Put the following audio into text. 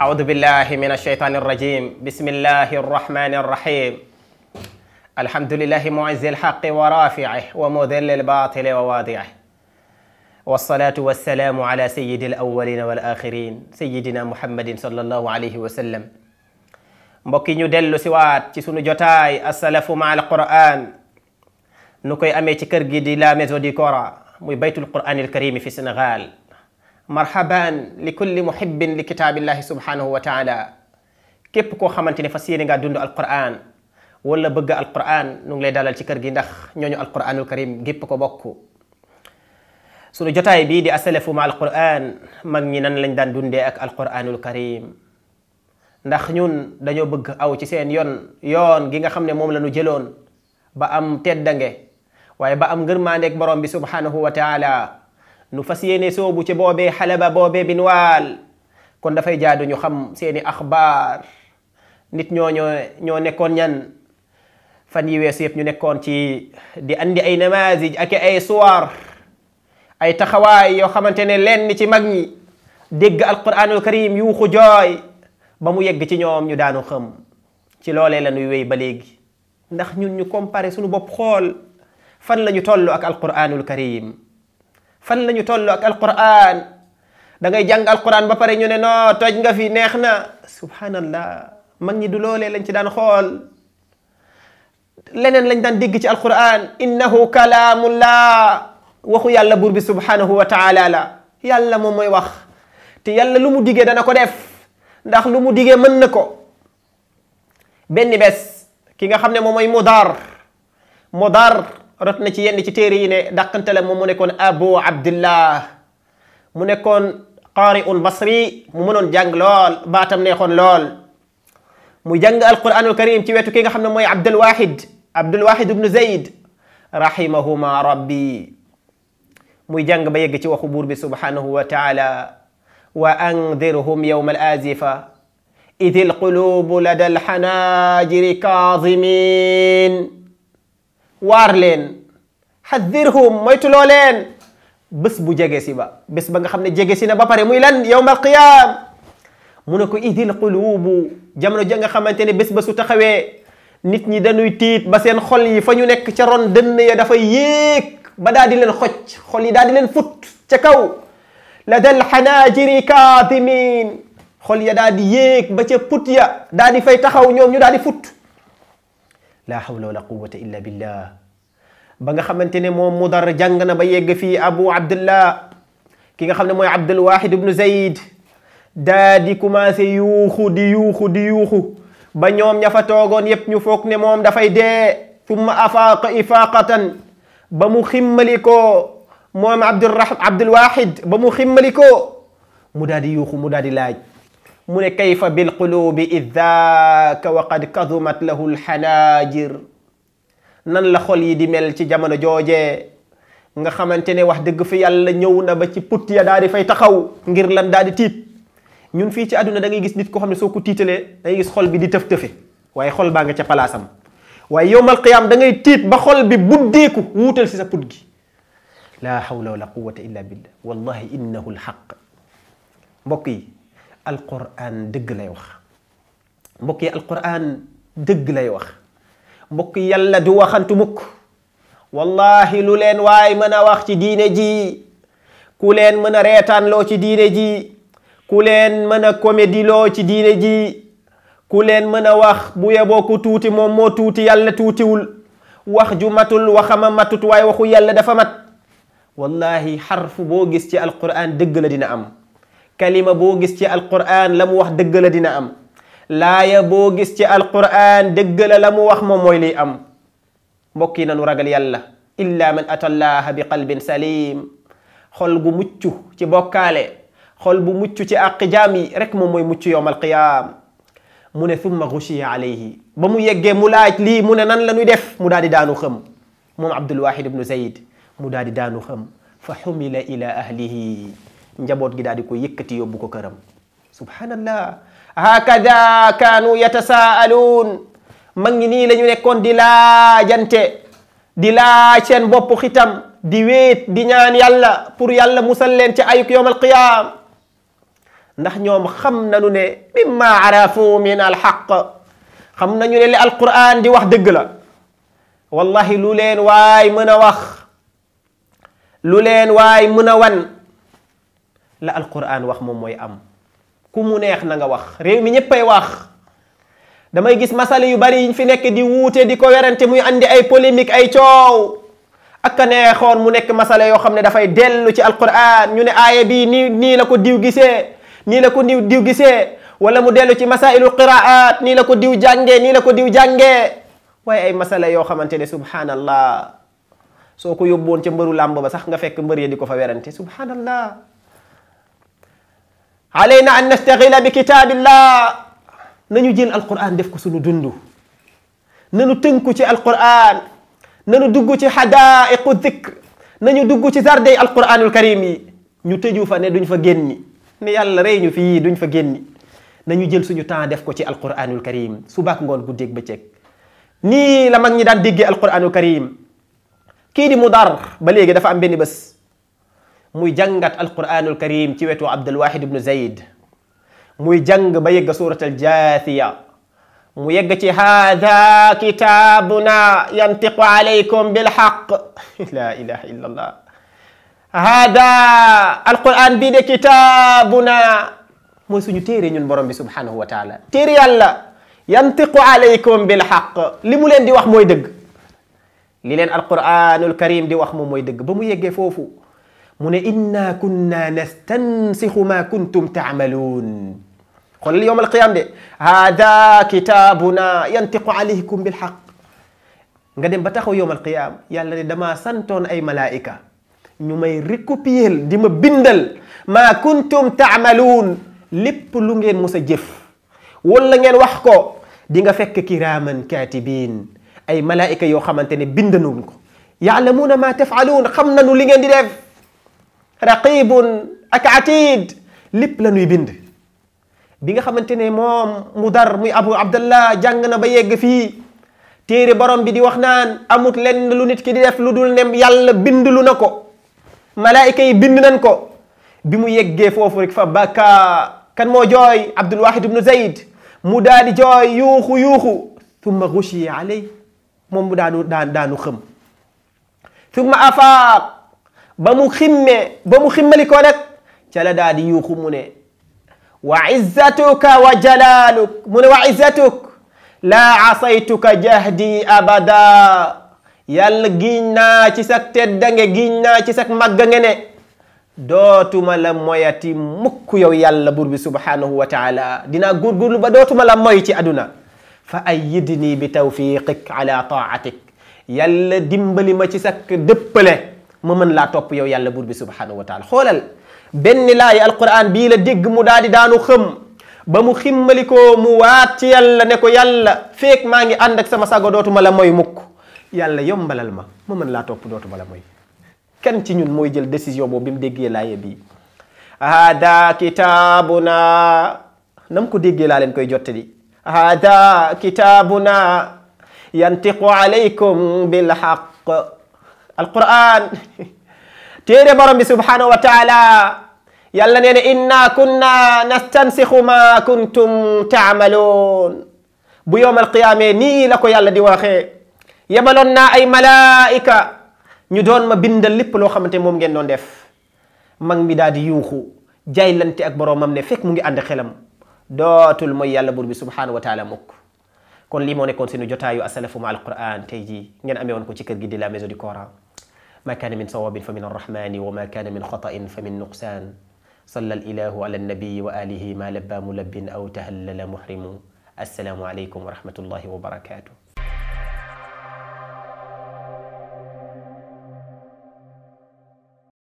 أعوذ بالله من الشيطان الرجيم بسم الله الرحمن الرحيم الحمد لله معز الحق ورافعه ومذل الباطل وواضعه والصلاة والسلام على سيد الأولين والآخرين سيدنا محمد صلى الله عليه وسلم مبكي ñu dellu si waat ci sunu jotaay asalafu ma alquran nu koy amee ci kër gi di la maison du coran muy baytul marhaban li kulli muhibbin li kitaabillahi subhanahu wa taala képp koo xamante ne fas yéene ngaa dund alquran wala bëgg alquran nu ngi lay dalal ci kër gi ndax ñooñu alquranul karim gépp ko bokk jotaay bii di asalafu ma alquran mag ñi nan lañ daan dundee ak alquranul karim ndax ñun dañoo bëgg aw ci seen yoon yoon gi nga xam ne moom la ñu jëloon ba am teddange waaye ba am ngërmaandeeg borom bi subhanahu wa taala nu fas yéene soobu ci boobee xalaba boobee binwaal kon dafay jaadu ñu xam seeni axbaar nit ñoo ñoo nekkoon ñan fan yi weesu yëpp ñu nekkoon ci di andi ay namaasij ak ay suwar ay taxawaay yoo xamante ne lenn ci mag ñi dégg alquranul karim yuuxu jooy ba mu yegg ci ñoom ñu daanu xam ci loolee la wey ba léegi ndax ñun ñu comparé suñu bopp xool fan lañu ñu toll ak alquranul karim fan lañu tollu ak alquran da ngay jàng alquran ba pare ñu ne no toj nga fi neexna subhanallah mag ñi du loolee lañ ci daan xool leneen lañ daan dégg ci alquran innahu kalamullah waxu yàlla bur bi subhanahu wa taala la yàlla moom mooy wax te yàlla lu mu digge dana ko def ndax lu mu digge mën na ko benn bés ki nga xam ne moom mooy mudar mudar rotna ci yenn ci téere yi ne dàqantale moom mu nekkoon abu abdillah mu nekkoon qariul basri mu mënoon jàng lool baatam neexoon lool mu jàng alquranul karim ci wetu ki nga xam ne mooy abdul wahid abdul wahid ibnu zayd rahimahuma rabbi muy jàng ba yegg ci waxu buur bi subhanahu wa taala wa andirhum yawma al azifa idil qulubu lada alxanaajiri kaadimin waar leen xaddirhum moytuloo leen bés bu jege si ba bés ba nga xam ne jege si na ba pare muy lan yowma alqiyaam mu ne ko idil qulubu jamono ja nga xamante ne bés ba su taxawee nit ñi dañuy tiit ba seen xol yi fa ñu nekk ca ron dënn ya dafay yéeg ba daal di leen xoj xol yi daal di leen fut ca kaw la dal xanaajiri kaadimin xol ya daal di yéeg ba ca put ya daal di fay taxaw ñoom ñu daal di fut la hawla wala quwwata illa billah ba nga xamante ne moom mudar jàng na ba yegg fii abu abdullah ki nga xam ne mooy abdul wahid ibnu zayd daa commencé yuuxu di yuuxu di yuuxu ba ñoom ña fa toogoon yépp ñu foog ne moom dafay dee tumma afaaqa ifaaqatan ba mu ximmali ko moom ba mu ximmali ko mu daa di yuuxu mu daa di laaj من كيف بالقلوب إذ ذاك وقد كظمت له الحناجر kadumat لا خول يدي مل سي جامانو جوجي nga xamantene wax deug fi yàlla ñëw na ba ci put ya daali fay taxaw ngir lan daali di tiit ñun fi ci aduna da ngay gis nit ko xamne ne titele da ngay gis xol bi di teuf teufé waye xol ba nga ci place am waye yowmal qiyam da ngay tiit ba xol bi buddeeku wutal ci sa put gi la hawla wala quwwata illa billah wallahi innahu alhaq mbok yi alquran dëgg lay wax mbokk yi alquran dëgg lay wax mbokk yàlla du waxantu mukk wallahi lu leen waay mën a wax ci diine ji ku leen mën a reetaanloo ci diine ji ku leen mën a comédiloo ci diine ji ku leen mën a wax bu yeboo ku tuuti moom moo tuuti yàlla tuutiwul wax ju matul waxama matut waaye waxu yàlla dafa mat wallahi xarfu boo gis ci alquran dëgg la dina am كلمة بوغيس تي القرآن لم وح دقل دينا أم لا يبوغيس تي القرآن دقل لم وح مموي لي أم بوكينا نرقل يلا إلا من أتى الله بقلب سليم خلق مچو تي بوكالي خلق مچو تي أقجامي رك مموي مچو يوم القيام من ثم غشي عليه بمو يجي ملايك لي من نان لنو يدف مدادي دانو خم مم عبد الواحد بن زيد مدادي دانو خم فحمل إلى أهله njabot gi daldi di ko yëkkati yobbu ko këram subhanallah hakada kanu yatasaalun mag ni lañu nekkon ñu nekkoon di laajante di laaj seen bop xitam di wet di ñaan yalla pour yalla musal len ci ayuk qiyam ndax ñom xam nañu ne arafu min haqq xam nañu ne li alquran di wax deug la wallahi lu len way Lulen wax lu len way wan la alquran wax mom moy am ku mu neex na nga wax rew mi ñeppay wax damay gis masale yu bari yiñ fi nekk di wuté di ko werante muy andi ay polémique ay ciow ak neexoon mu nekk masale yo xam ne fay delu ci alquran ñu ne aaya bi ni ni la ko diw gisé ni la ko diw diw gisé wala mu delu ci masailu qiraat ni la ko diw ni ni la ko diw jangé way ay masale yo xamante subhanallah soko ko ci mbeuru lamba, ba sax nga fekk mbeur ya di ko fa werante subhanallah alayna an nastaxila bi kitaabillah nañu jël alquran def ko suñu dund nañu tënku ci alquran nañu dugg ci xadaaiqu dikr nañu dugg ci zardey alquranul karim yi ñu tëju fa ne duñ fa génni ne yàlla rey ñu fii duñ fa génni nañu jël suñu temps def ko ci alquranul karim subaak ngoon ba bëccëg nii la mag ñi daan déggee alquranul karim kii di dar ba léegi dafa am benn bés muy jàngat alquranul karim ci wetu abdulwahid ibnu zayd muy jàng ba yegg surat al jaathiya mu yegg ci haada kitaabuna yantiqu alaykum bilxaq la ilaha illa allah haada alquran bii de kitaabuna mooy suñu téere ñun borom bi subhanahu wa taala téere yàlla yantiqu alaykum bilxaq li mu leen di wax mooy dëgg li leen alquranul karim di wax moom mooy dëgg ba mu yeggee foofu mu ne inna kunna nastansixu ma kuntum taamaluun xoolal yowm alqiyam de hada kitabuna yantiqu alaykum bilxaq nga dem ba taxaw yowm alqiyam yàlla ne damaa santoon ay malaika ñu may recopier di ma bindal ma kuntum taamaluun lépp lu ngeen mos a jëf wala ngeen wax ko di nga fekk kiraaman katibin ay malaika yoo xamante ne bindanuñ ko yaalamuuna ma tafaaluun xam nanu li ngeen di def raqibun ak atid lépp la bind bi nga xamante ne moom mu dar muy abu abdallah jàng na ba yegg fii téere borom bi di wax naan amut lenn lu nit ki di def lu dul nem yàlla bind lu na ko malaayika yi bind nañ ko bi mu yeggee foofu rek fa baka kan moo jooy abdul wahid ibnu zayd mu daadi jooy yuuxu yuuxu thumma gushiya alay moom mu daanu daan daanu xëm thumma afaaq ba mu ximmee ba mu ximmali ko nag ca la daa di yuuxu mu ne wa izzatuka wa jalaaluk mu ne wa izzatuk laa asaytuka jahdi abada yàlla giñ naa ci sag teddange giñ naa ci sag màgga nge ne dootuma la moyati mukk yow yàlla buur bi subhanahu wa taala dinaa góorgóorlu ba dootuma la moy ci aduna fa ayyidni bi tawfiqik ala taatik yàlla dimbali ma ci sag dëppale ma mën laa topp yow yàlla buur bi subhanahu wa taala xoolal benn laay alquran bii la dégg mu daal di daanu xëm ba mu ximmalikoo mu waat ci yàlla ne ko yàlla feek maa ngi ànd ak sama sago dootuma la moy mukk yàlla yombalal ma ma mën laa topp dootuma la moy kan ci ñun mooy jël décision boobu bi mu déggee laaye bii hada kitaabuna nam ko déggee laa leen koy jottali hada kitaabuna yantiqu alaykum bilhaq alquran téere borom bi subhanahu wa taala yàlla nee na inna kunna nastansixu ma kuntum taamaloon bu yowm alqiyaame nii la ko yàlla di waxee yebaloon naa ay malaika ñu doon ma binda lépp loo xamante moom ngeen doon def mag mi daal di yuuxu jaylante ak boromam ne fekk mu ngi ànd xelam dootul mooy yàlla buur bi subhanahu wa taala mukk kon lii moo nekkoon seenu jotaayu asalafu ma alquran tayji ngeen amé won ko ci kër gi di la maison du coran ma kana min sawabin fa min arrahmani wa ma kana min khata'in fa min nuqsaan salla alilahu ala annabiyi wa alihi ma labba mulabbin aw tahallala muhrimu assalaamu aleykum wa rahmatullahi wa barakatuh